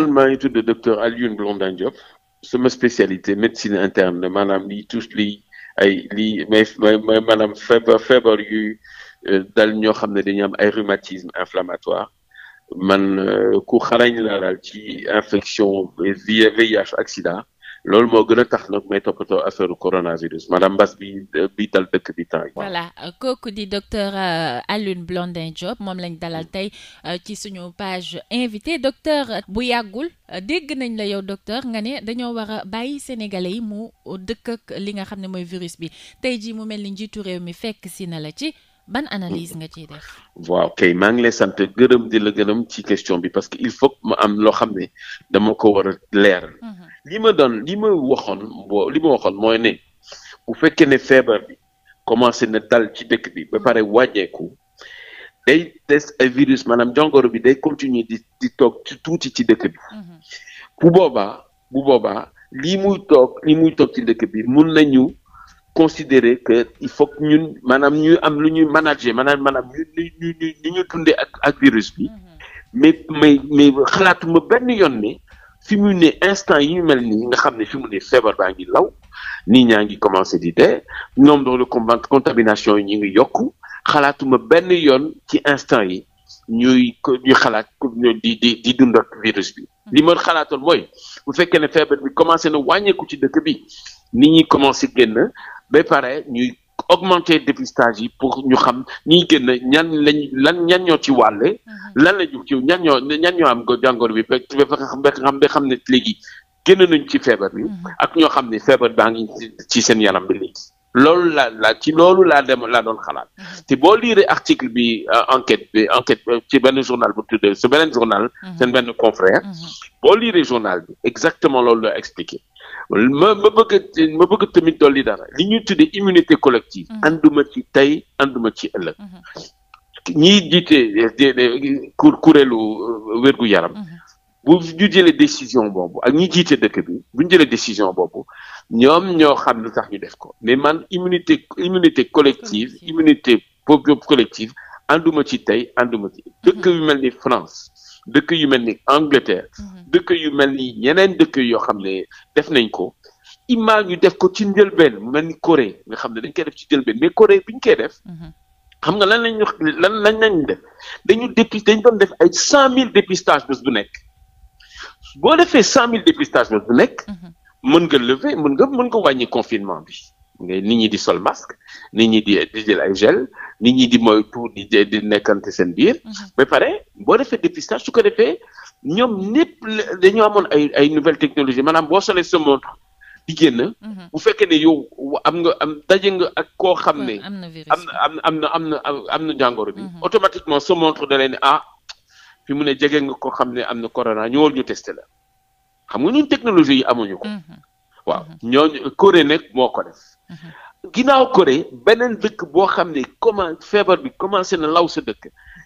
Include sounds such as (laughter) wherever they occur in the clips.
man maa ngi tudd docteur Alioune Blondin Diop sama spécialité médecine interne maanaam lii touche lii ay lii may may maanaam feebar feebar euh, dal ñoo xam ne dañu am ay rhumatisme inflammatoire man euh, ku xarañ la daal ci infection euh, VIH ak loolu moo gën a tax nag may toppatoo affaire coronavirus maanaam mbas bi bi dal dëkk bi temps yi. voilà kooku di docteur euh, Alioune Blondin Diop moom lañ dalal tey euh, ci suñu page invité docteur bu yàggul euh, dégg nañ la yow docteur nga ne dañoo war a bàyyi sénégalais yi mu dëkk ak li nga xam ne mooy virus bi tey jii mu mel ni njiitu réew mi fekk si na la ci. ban analyse nga ciy def. waaw kay maa ngi lay sant gërëm di la gërëm ci question bi parce que il faut ma am loo xam ne dama ko war a leer. Mhm. li ma doon li ma waxoon boo li ma waxoon mooy ne bu fekkee ne feebar bi commencé na dal ci dëkk bi ba pare mhm. wàññeeku. day des ay virus maanaam jàngoro bi day continuer di di toog ci tuuti ci dëkk bi. Mhm. bu boobaa bu boobaa lii muy toog lii muy toog ci dëkk bi mun nañu. considérer que il faut que ñun maanaam ñu am lu ñuy manager maanaam maanaam ñu ñu ñu ñu dundee ak ak virus bi mm-hmm. mais mais mais xalaatuma benn yoon ne fi mu ne instant yi ñu mel nii nga xam ne fi mu ne feebar baa ngi law nit ñaa ngi commencé di dee ñoom donc le contamination yi ñu ngi yokk xalaatuma benn yoon ci instant yi ñuy ñu xalaat di di di dund ak virus bi mm-hmm. li ma xalaatoon mooy bu fekkee ne feebar bi commencé na wàññeeku ci dëkk bi nit ñi commencé génn ba pare ñuy augmenter dépistage yi pour ñu xam ñiy génn ñan lañ lan ñan ñoo ci wàlle mm-hmm. lan la ñu ci ñan ñoo am ko jàngoro bi ba xam ba xam ne léegi génn nañ ci feebar bi mm-hmm. ak ñoo xam ne feebar baa ngi ci seen yaram bi léegi loolu la la ci loolu laa dem laa doon xalaat mm-hmm. te boo liire article bi euh, enquête bi enquête euh, ci benn journal bu tuddee su beneen journal seen benn confrère boo liire journal bi exactement loolu la expliqué ma ma bëgg ma bëgg tamit dolli dara li ñuy tuddee immunité collective. Mm-hmm. ànduma ci tey ànduma ci ëllëg. Mm-hmm. ñiy jiite kur kuréelu euh, wérgu yaram. Mm-hmm. bu ñu jëlee décision boobu ak ñi jiite dëkk bi bu ñu jëlee décision boobu ñoom ñoo xam lu tax ñu def ko mais man immunité immunité collective immunité pop collective ànduma ci tey ànduma ci dëkk bi mel ni France. dëkk yu mel ni Angleterre. Mhm. dëkk yu mel ni ñeneen dëkk yoo xam ne def nañ ko. image yu def ko ci njëlbeen mu mel ni Corée nga xam ne dañ koy def ci njëlbeen mais Corée bi ñu koy def. Mhm. xam nga lan lañ lan lañ lañ def dañu dépis dañ doon def ay cent mille dépistage bés bu nekk. boo defee cent mille dépistage bés bu nekk. Mhm. mën nga lever mën nga mën nga wàññi confinement bi. ni ñi di sol masque nit ñi di di jël ay gel nit ñi di moytu di di nekkante seen biir. Mhm. ba pare boo defee dépistage su ko defee ñoom ñëpp dañoo amoon ay ay technologie technologies maanaam boo solee sa montre di génn. Mhm. bu fekkee ne yow am nga am daje nga ak koo xam ne. am na virus am na am na am na am na jàngoro bi. Mhm. automatiquement sa montre da lay ne ah fi mu ne jege nga koo xam ne am na corona ñëwal ñu testé la xam nga ñun technologie yi amuñu ko. waaw ñooñu Corée nag moo ko Mhm. ginnaaw Corée beneen dëkk boo xam ne comment feebar bi commencé na law sa dëkk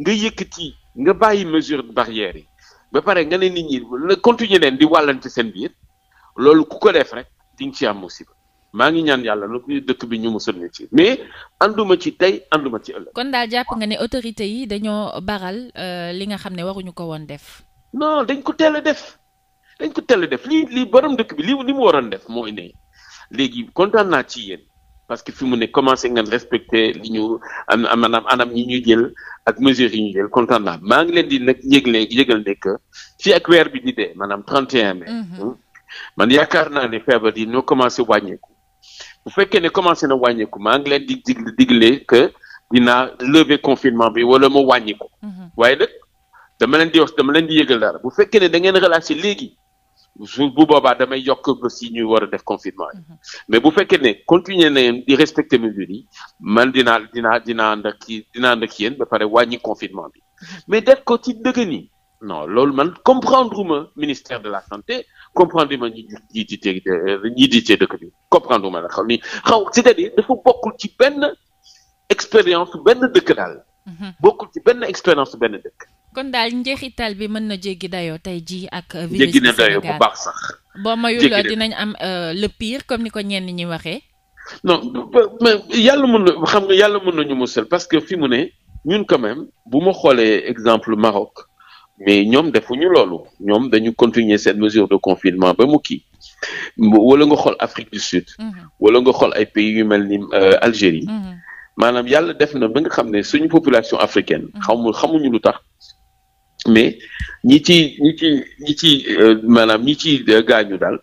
nga yëkkati nga bàyyi mesure barrière yi ba pare nga ne nit ñi la continuer leen di wàllante seen biir loolu ku ko def rek di ci am musiba maa ngi ñaan yàlla na kuy dëkk bi ñu musal ñu ci mais anduma ci tey ànduma ci ëllëg. kon daal jàpp nga ne autorité yi dañoo baral euh, li nga xam ne waruñu ko woon def. non dañ ko teel a def dañ ko teel a def lii lii borom dëkk bi li li mu waroon def mooy ne léegi kontaan naa ci yéen parce que fi mu ne commencé ngeen respecté li ñu am maanaam anam yi ñuy jël ak mesures yi ñuy jël kontaan naa maa ngi leen di nag yëgle yëgal ne que fii ak weer bi di dee maanaam 31 mai. Mhm. man yaakaar naa ne feebar yi ñoo commencé wàññeeku bu fekkee ne commencé na wàññeeku maa ngi leen di digle digle que dinaa lever confinement bi wala moo wàññi ko. waaye nag dama leen di wax dama leen di yëgal dara bu fekkee ne da ngeen léegi. jour bu boobaa damay yokk aussi ñuy war a def confinement mhm. mais bu fekk ne continuer nañ di respecter mesures yi man dinaa dinaa dinaa ànd ak kii dinaa ànd ak yéen ba pare wàññi confinement bi mhm. mais def ko ci dëgg ni non loolu man comprendre ma ministère de la santé comprendre ma ñi ñi di tee ñi di tee ma la xaw ni xaw c'est-à-dire dafa bokkul ci benn expérience benn dëkk daal mhm. bokkul ci benn expérience benn dëkk kon daal njeexital bi mën na jéggi dayoo tey jii ak. Euh, virus jéggi na dayoo bu baax sax. boo mayul dinañ am euh, le pire comme ni ko ñenn ñi waxee. non mais yàlla mën na xam nga yàlla mën nañu musal parce que fi mu ne ñun quand même bu ma xoolee exemple Maroc mais ñoom defuñu loolu ñoom dañu continuer cette mesure de confinement ba mu kii wala nga xool Afrique du Sud. Mhm. wala nga xool ay pays yu mel ni euh, Algérie. Mhm. maanaam yàlla def na ba nga xam ne suñu population africaine. Mhm. xamul xamuñu lu tax. mais ñi ci ñi ci ñi ci euh, maanaam ñi ci euh, gaañu daal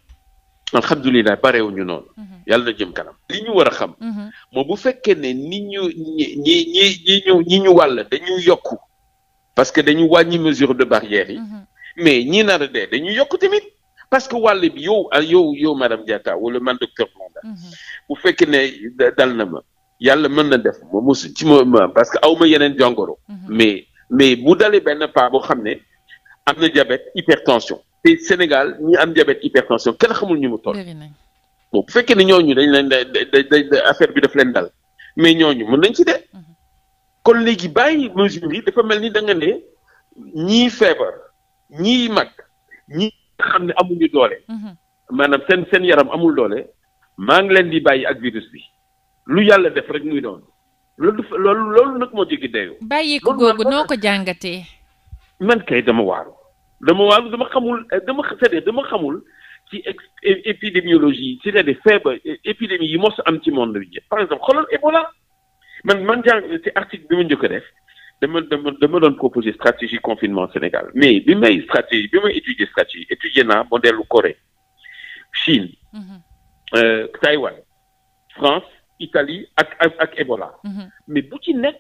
alhamdulilah barewuñu noonu. Mhm. yàlla na jëm kanam. li ñu war a xam. Mhm. moo bu fekkee ne ni ñu ñi ñi ñi ñu ñi ñu wàll dañuy yokku parce que dañu wàññi mesure de barrière yi. Mhm. mais ñi nar a dee dañuy yokku tamit parce que wàll bi yow ah, yow yow madame Diatta wala man docteur Blondin. bu fekkee ne dal na ma yàlla mën na def ma mosu ci ma parce que aw ma yeneen jàngoro. mais bu dalee benn paa boo xam ne am na diabète hypertension te Sénégal ñi am diabète hypertension kenn xamul ñu mu toll. bon bu fekkee ne ñooñu dañ leen da da affaire bi daf leen dal mais ñooñu mun nañ ci de. Mhm. kon léegi bàyyi mesure yi dafa mel ni da nga ne ñii feebar ñii mag ñii xam ne amuñu doole. Mhm. maanaam seen seen yaram amul doole. maa ngi leen di bàyyi ak virus bi. lu yàlla def rek muy doon. loolu loolu loolu nag moo jéggi dayoo. bàyyi ko googu noo ko jàngatee. man kay dama waaru dama waaru dama xamul dama c'est-à-dire dama xamul ci épidémiologie c'est-à-dire feebar épidémie yi mos am ci monde bi par exemple xoolal Ebola man man jàng ci article bi ma njëkk a def dama dama dama doon proposer stratégie confinement Sénégal mais bi may stratégie bi may étudier stratégie étudier naa modèle Corée Chine. Mhm. Euh, Taïwan France. Italie ak ak ak Ebola. Mhm. mais bu ci nekk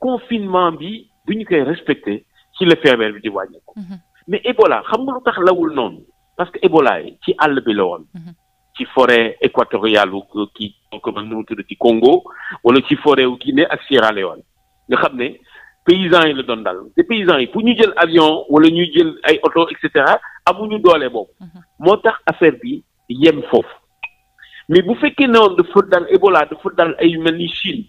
confinement bi bu ñu koy respecté ci la feebar bi di wàññeeku. Mhm. mais Ebola xam nga lu tax lawul noonu parce que Ebola yi ci àll bi la woon. Mhm. ci forêt équatoriale wu kii comme ci Congo wala ci forêt wu Guinée ak Sierra Leone nga xam ne paysans yi la doon dal te paysans yi pour ñu jël avion wala ñu jël ay oto et cetera amuñu doole boobu. moo tax affaire bi yem foofu. mais bu fekkee ne woon dafa dal Ebola dafa dal ay mel ni Chine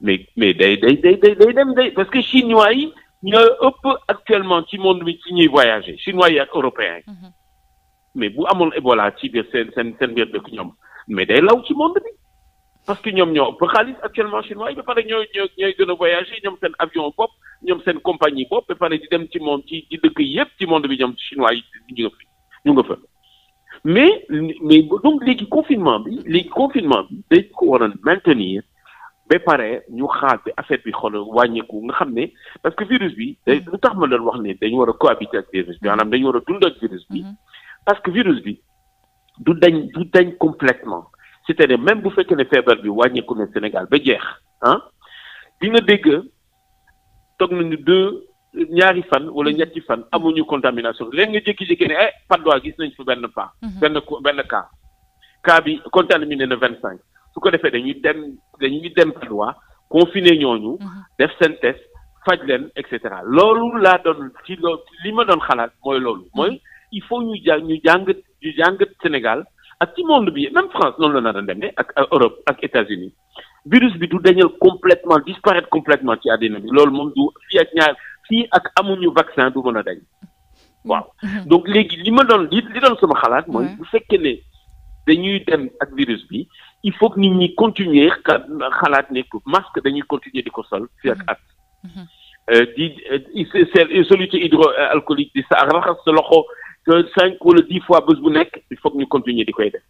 mais mais day day day day day dem day parce que chinois yi ñoo ëpp actuellement ci monde bi ci ñuy voyager chinois yi ak européens yi mhm. mais bu amoon Ebola ci biir seen seen seen biir dëkk ñoom mais day law ci monde bi parce que ñoom ñoo ëpp xaalis actuellement chinois yi ba pare ñooy ñooy ñooy gën a voyager ñoom seen avion bopp ñoom seen compagnie bopp ba pare di dem ci moom ci ci dëkk yëpp ci monde bi ñoom chinois yi ñu nga fi ñu nga fa. mais mais donc léegi confinement bi léegi confinement bi dañ ko war a maintenir ba pare ñu xaar bi affaire bi xoolal wàññeeku nga xam ne parce que virus bi day mm-hmm. lu tax ma doon wax ne dañu war a cohabiter ak virus bi mm-hmm. maanaam dañu war a dund ak virus bi mm-hmm. parce que virus bi du dañ du dañ complètement c'est-à-dire même bu fekkee ne feebar bi wàññeeku ne Sénégal ba jeex ah dina dégg toog nañu deux ñaari fan wala mm-hmm. ñetti fan amuñu contamination léegi nga jékki-jékki ne eh Patte gis nañ fi benn pas. Mm-hmm. benn benn cas cas bi contaminé na vingt cinq su ko defee dañuy dem dañuy dem Patte confine confiné ñooñu. Mm-hmm. def seen test faj leen et cetera loolu laa doon ci loo li ma doon xalaat mooy loolu mooy il faut ñu jàng ñu jàng ñu jàngat Sénégal ak ci monde bi même France noonu la nar demee ak Europe ak États-Unis virus bi du dañal complètement disparaître complètement ci àddina bi loolu moom du fii fii ak amuñu vaccin du mën a dañ waaw mm. donc léegi li ma doon li li doon sama xalaat mooy mm. bu fekkee ne dañuy dem ak virus bi il faut nit ñi continuer xalaat ne masque dañuy continuer di ko sol fii ak mm. at mm-hmm. euh, di euh, soluté hydroalcoolique di sa raxas sa loxo cinq wala dix fois bés bu nekk il faut que ñu continuer di koy def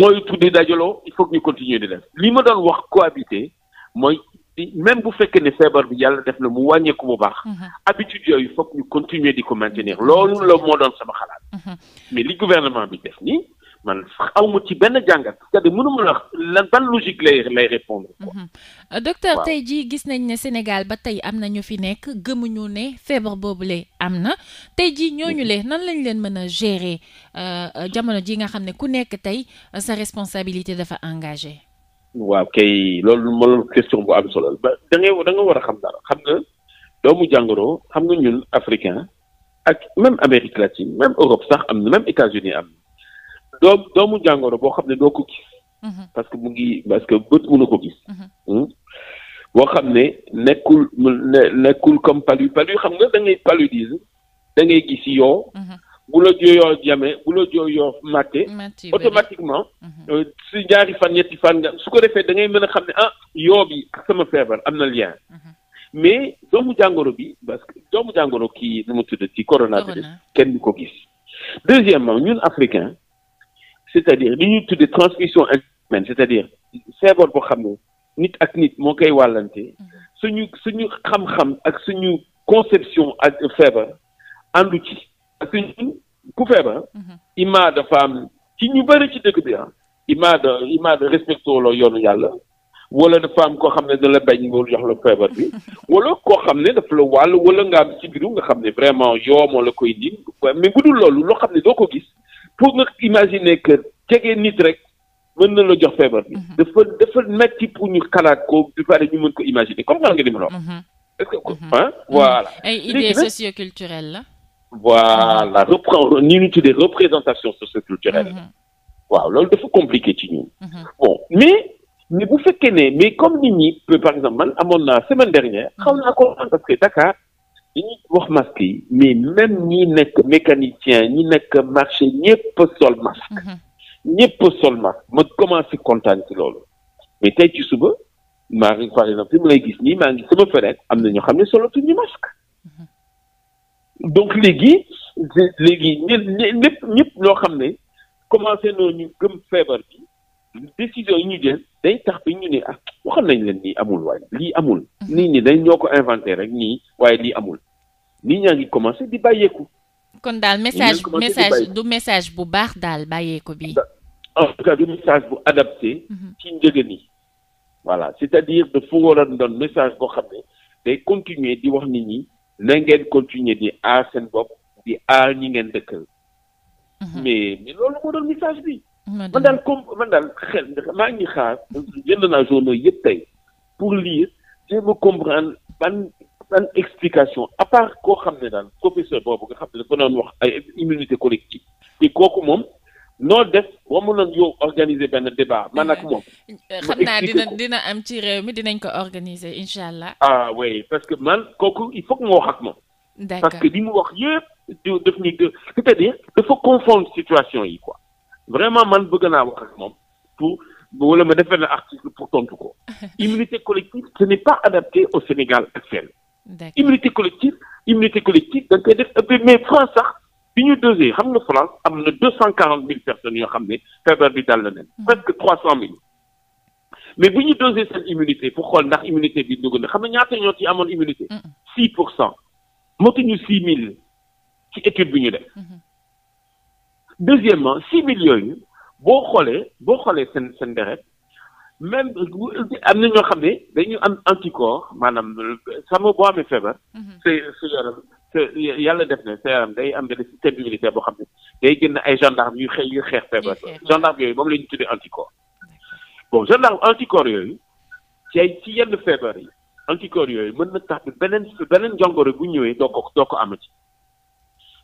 mooy tuddi dajaloo il faut que ñu continuer di def li ma doon wax cohabiter mooy même bu fekkee ne feebar bi yàlla def na mu wàññeeku bu baax. Mhm. habitude yooyu foog ñu continuer di ko maintenir loolu la moo doon sama xalaat. Mhm. mais li gouvernement bi def nii man awma ci benn jàngat c'est-à-dire lan ban logique lay lay répondre quoi. Mhm. docteur tey jii gis nañ ne Sénégal ba tey am na ñu fi nekk gëmuñu ne feebar boobule am na tey jii ñooñu le nan lañ leen mën a gérer euh, euh, jamono ji nga xam ne ku nekk tey sa responsabilité dafa engagé. waaw kay loolu ma loolu question bu am solo ba da da nga war a xam dara xam nga doomu jàngoro xam nga ñun africain ak même Amérique latine même Europe sax am na même États-Unis am na doomu jàngoro boo xam ne doo ko gis. Mhm. parce que mu ngi parce que bët mënu ko gis. Mhm. Hmm? boo xam ne nekkul nekkul comme palu palu xam nga da ngay paludisme da ngay gis yoo. Mhm. bu la jooyoo jamee bu la jooyoo matte automatiquement mhm. euh, su ñaari fan ñetti fan nga su ko defee da ngay mën a xam ne ah yoo yi ak sama feebar am na lien mhm. mais doomu jàngoro bi parce que doomu jàngoro kii nu mu tudd ci coronavirus kenn du ko gis deuxièmement ñun africain c'est-à-dire li ñuy tudd transmission humaine c'est-à-dire feebar boo xam ne nit ak nit moo koy wàllante mhm. suñu suñu xam-xam ak suñu conception ak feebar àndu ci parce que ñun ku feebar. Mhm. ima dafa am ci ñu bëri ci dëkk bi ah. ima da ima da respecté la yoonu yàlla. wala dafa am koo xam ne da bañ nga jox la feebar bi (laughs) wala koo xam ne daf la wàll wala nga am ci biiru nga xam ne vraiment yoo moo la koy di mais bu dul loolu loo xam ne doo ko gis pour nga imaginer que jege nit rek mën na la jox feebar bi. Mhm. dafa dafa metti pour ñu xalaat ko du pare ñu mën ko imaginer comme nga li ma la wax. Mhm. est-ce que ah voilà. ay idées socioculturelles la. voilà ah, repren ni ñu tuddee représentation socioculturelle mm-hmm. waaw loolu dafa compliqué ci ñun mm-hmm. bon mais mais bu fekkee ne mais comme nit ñi euh, par exemple man amoon naa semaine dernière mm-hmm. xaw naa ko parce que Dakar dañuy wax masque yi mais même ñi nekk mécanicien ñi nekk marché ñëpp sol masque ñëpp sol masque ma commencé kontaan ci loolu mais tey ci suba maa ngi par exemple fi mu lay gis nii maa ngi sama fenêtre am na ñoo xam ne solatuñu masque donc léegi léegi ñun ñëpp ñëpp ñoo xam ne commencé noo ñu gëm feebar bi décision yi ñu jël day tax bi ñu ne ah waxam nañ leen nii amul waaye lii amul. Mhm. nit ñi dañ ñoo ko inventé rek nii waaye lii amul nit ñaa ngi commencé di bàyyeeku. kon daal message message du message bu baax daal bàyyeeku bi. en tout cas du message bu adapté. Mhm. ci njëgën yi. voilà c'est-à-dire dafa war a doon message boo xam ne day continuer di wax nit ñi na ngeen continuer di aar seen bopp di aar ñi ngeen dëkkal. Mhm. mais mais loolu moo doon message bi. man daal comme man daal xel maa ngi xaar. jënd naa journaux yëpp tey pour lire jéem a comprendre ban ban explication à part koo xam ne daal professeur boobu nga xam ne dafa doon wax ay immunité collective te kooku moom. noo def war mu noon yow organiser benn débat man ak moom. Euh, xam naa dina dina am ci réew mi dinañ ko organiser incha allah. ah oui parce que man kooku il faut que ma wax ak moom. parce que li mu wax yëpp daf ñuy c'est-à-dire dafa confondre situation yi quoi vraiment man bëgg naa wax ak moom pour wala ma defee na article pour tontu ko. (laughs) immunité collective ce n'est pas adapté au Sénégal actuel. immunité collective immunité collective da nga koy mais France sax. bi ñu dosé xam nga France am na deux cent quarante mille personnes yoo xam ne feebar bi dal na leen mm. presque trois cent mille mais bu ñu dosé seen immunité pour xool ndax immunité bi dugg na xam na ñaata ñoo ci amoon immunité six pour cent motuñu six mille ci étude bi ñu def mm-hmm. deuxièmement six mille yooyu boo xoolee boo xoolee seen seen deret même am na ñoo xam ne dañu am anticorps maanaam euh, sama boo amee feebar. sa sa yaram yàlla def na CRM day am benn système immunitaire boo xam ne day génn ay gendarme yu xeex yu xeex feebar gendarme yooyu moom la ñu tuddee anticorps bon gendarme anticorps yooyu ci ay ci yenn feebar yi anticorps yooyu mën na tax beneen beneen jàngoro bu ñëwee doo ko doo ko amati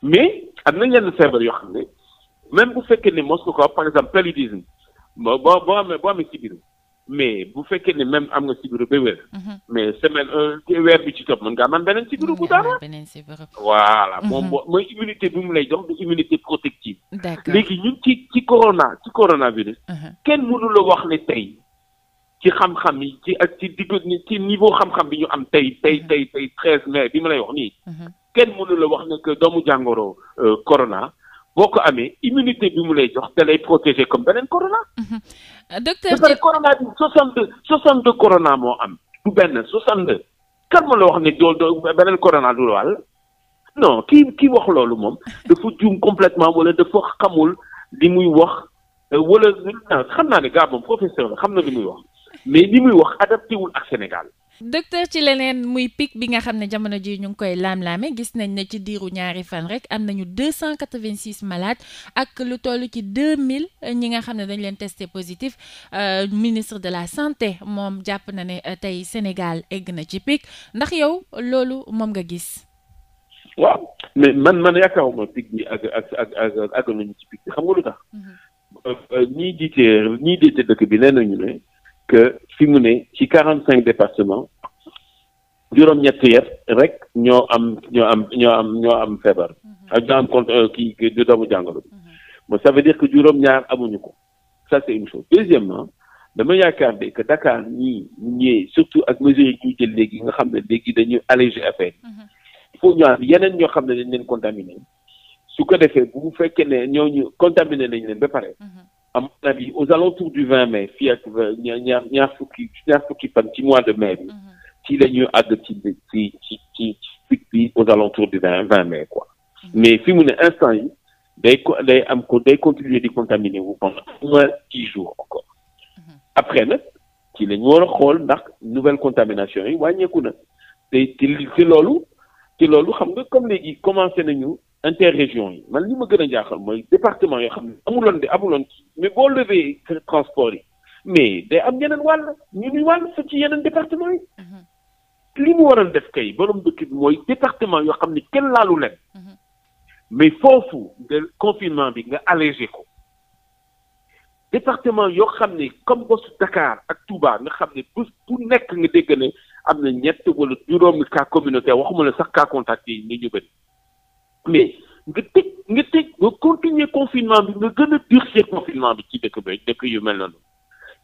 mais am na yenn feebar yoo xam ne même bu fekkee ni mos nga ko par exemple paludisme boo boo amee boo amee ci biir mais bu fekkee ni même am nga sibiru ba wér. Mhm. mais semaine euh, weer bi ci topp mën ngaa man beneen sibiru bu dara. beneen sibiru. voilà mhm. moom boo mooy immunité bi mu lay jox du immunité protective. d'accord léegi ñun ci ci corona ci coronavirus. Mhm. kenn mënu la wax ne tey ci xam-xam yi ci ak ci digg ci niveau xam-xam bi ñu am tey tey tey tey treize mai bi ma lay wax nii. kenn mënu la wax ne doomu jàngoro euh, corona. boo ko amee immunité bi mu lay jox da lay protéger comme beneen corona. Mhm. Euh, docteur Dieng dafa corona bi 62 62 corona moo am du benn 62. kan ma la wax ne dool doo beneen corona du wàll non kii kii wax loolu moom dafa juum complètement wala dafa xamul li muy wax euh, wala ah, xam naa ne gaa professeur la xam na li muy wax mais li muy wax adapté wul ak Sénégal. docteur ci leneen muy pic bi nga xam ne jamono ji ñu ngi koy laam-laame gis nañ ne ci diiru ñaari fan rek am nañu deux cent quatre-vingt-six malades ak lu toll ci deux mille ñi nga xam ne dañ leen testé positif euh, ministre de la santé moom jàpp na ne euh, tey Sénégal egg na ci pic ndax yow loolu moom nga gis. waaw mais man man yaakaaruma pic bi ak ak ak ak àgg nañu ci pic bi xam nga lu tax. Mhm. Euh, ñii jiite ñii jiite dëkk bi nee nañu ne. que fi mu ne ci quarante cinq départements juróom-ñett yëpp rek ñoo am ñoo am ñoo am ñoo am feebar mm-hmm. ak ñoo am compte euh, kii du doomu jàngoro bi mais mm-hmm. ça veut dire que juróom-ñaar amuñu ko ça c'est une chose deuxièmement dama yaakaar de que Dakar ñi ñëwee surtout ak mesures yi jël léegi nga xam ne léegi dañuy alléger affaire il mm-hmm. faut ñu am yeneen ñoo xam ne dañ leen contaminé su ko defee bu fekkee ne ñu contaminé nañ leen ba pare à mon avis aux alentours du 20 mai fii ak ñaar ñaar fukki ñaar fukki fan ci mois de mai bi ci la ñu àgg ci ci ci ci pic bi aux alentours du 20 20 mai quoi mhm. mais fi mu ne instant yi day day am ko de continuer di contaminer wu pendant au moins dix jours encore mhm. après nag ci la ñu war a xool ndax nouvelle contamination yi wàññeeku na te te loolu te loolu xam nga comme léegi commencé nañu interrégion yi man li ma gën a jaaxal mooy département yoo xam ne amuloon de amuloon ci mais boo levee transport yi mais day am yeneen wàll ñu ñuy wàll fa ci yeneen département yi mhm. li mu waroon def kay borom dëkk bi mooy département yoo xam ne kenn laalu leen mhm. mais foofu nga confinement bi nga allégé ko département yoo xam ne comme bosu Dakar ak Touba nga xam ne bés bu nekk nga dégg ne am na ñett wala juróomi cas communautaire waxuma la sax cas contact yi mais nga tëj nga tëj nga continuer confinement bi nga gën a durcir confinement bi ci dëkk bi dëkk yu mel noonu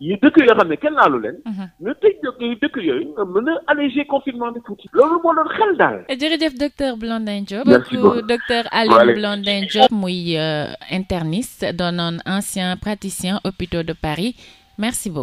yi dëkk yoo xam ne kenn laalu leen. Mhm. nga tëj dëkk dëkk yooyu nga mën a alléger confinement bi tuuti. loolu moo doon xel daal. Eh, jërëjëf docteur Blondin Diop. merci beaucoup docteur Alioune Blondin Diop. muy euh, interniste doonoon ancien praticien hôpitaux de Paris merci beaucoup.